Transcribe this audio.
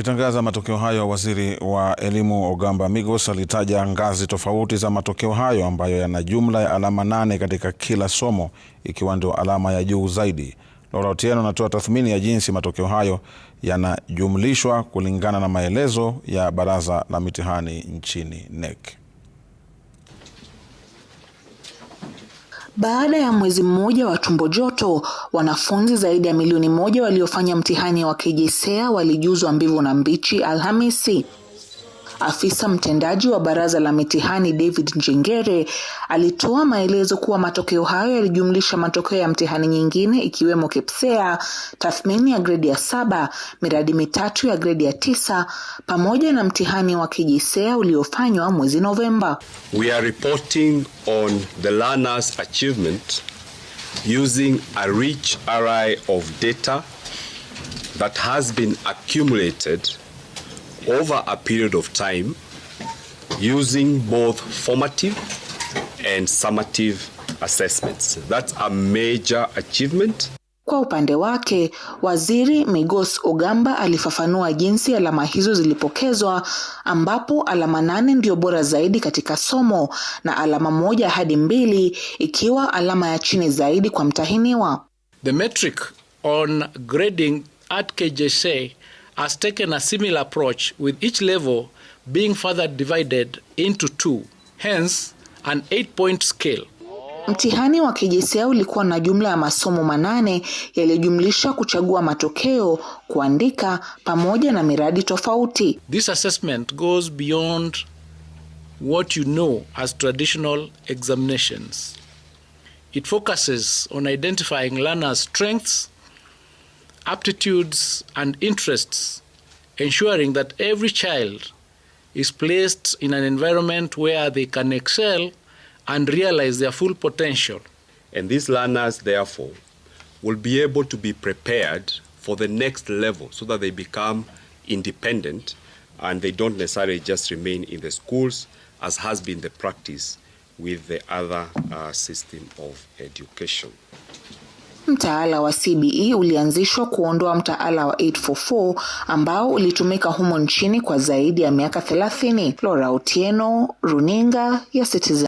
Akitangaza matokeo hayo, waziri wa elimu Ogamba Migos alitaja ngazi tofauti za matokeo hayo ambayo yana jumla ya alama nane katika kila somo, ikiwa ndio alama ya juu zaidi. Laura Otieno anatoa tathmini ya jinsi matokeo hayo yanajumlishwa kulingana na maelezo ya Baraza la Mitihani nchini NEC. Baada ya mwezi mmoja wa tumbo joto, wanafunzi zaidi ya milioni moja waliofanya mtihani wa KJSEA walijuzwa mbivu na mbichi Alhamisi. Afisa mtendaji wa baraza la mitihani David Njengere alitoa maelezo kuwa matokeo hayo yalijumlisha matokeo ya mtihani nyingine ikiwemo KEPSEA, tathmini ya gredi ya saba, miradi mitatu ya gredi ya tisa pamoja na mtihani wa KJSEA uliofanywa mwezi Novemba. We are reporting on the learners achievement using a rich array of data that has been accumulated over a period of time using both formative and summative assessments. That's a major achievement. Kwa upande wake, Waziri Migos Ogamba alifafanua jinsi alama hizo zilipokezwa ambapo alama nane ndio bora zaidi katika somo na alama moja hadi mbili ikiwa alama ya chini zaidi kwa mtahiniwa. The metric on grading at KJSEA has taken a similar approach with each level being further divided into two, hence an eight point scale. Mtihani wa KJSEA ulikuwa na jumla ya masomo manane yaliyojumlisha kuchagua matokeo, kuandika pamoja na miradi tofauti. This assessment goes beyond what you know as traditional examinations. It focuses on identifying learners' strengths aptitudes and interests, ensuring that every child is placed in an environment where they can excel and realize their full potential. And these learners, therefore, will be able to be prepared for the next level so that they become independent and they don't necessarily just remain in the schools, as has been the practice with the other uh, system of education. Mtaala wa CBE ulianzishwa kuondoa mtaala wa 844 ambao ulitumika humo nchini kwa zaidi ya miaka 30. Laura Otieno, Runinga ya Citizen.